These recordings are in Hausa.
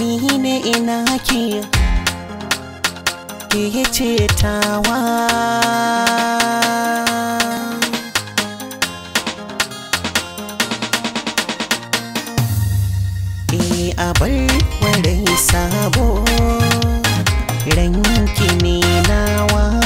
ni ne ina ki ke ce tawa eh, abar warai sabo ranki ne nawa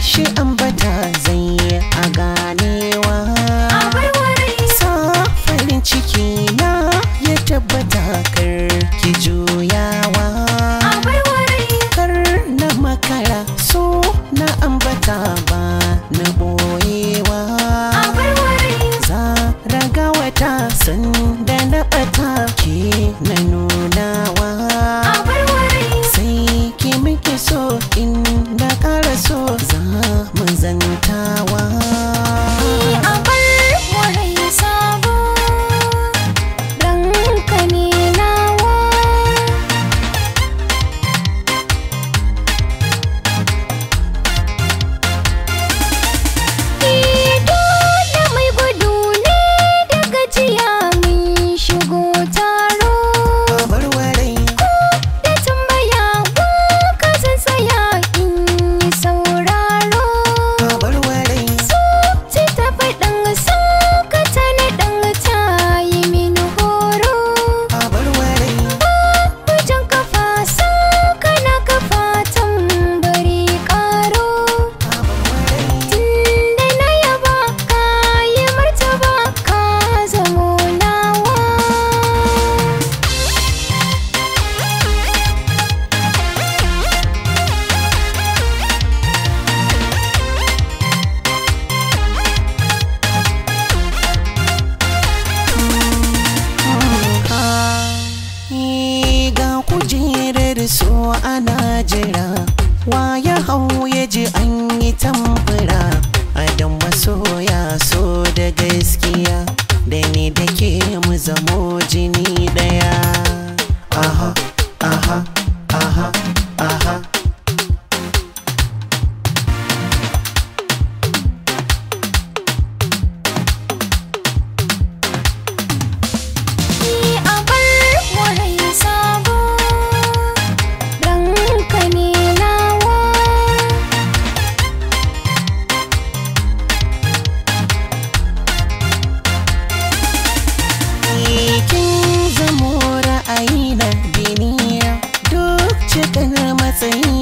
shi ambata zai a gane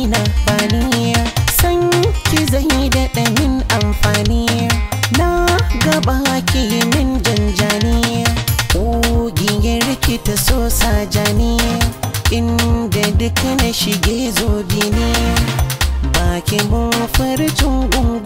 na bani san ki zai daɗa min amfani na gaba ki min janjani ƙugiyar ki ta so sajani inda duk na shige zo ne bakin mun farcin gungun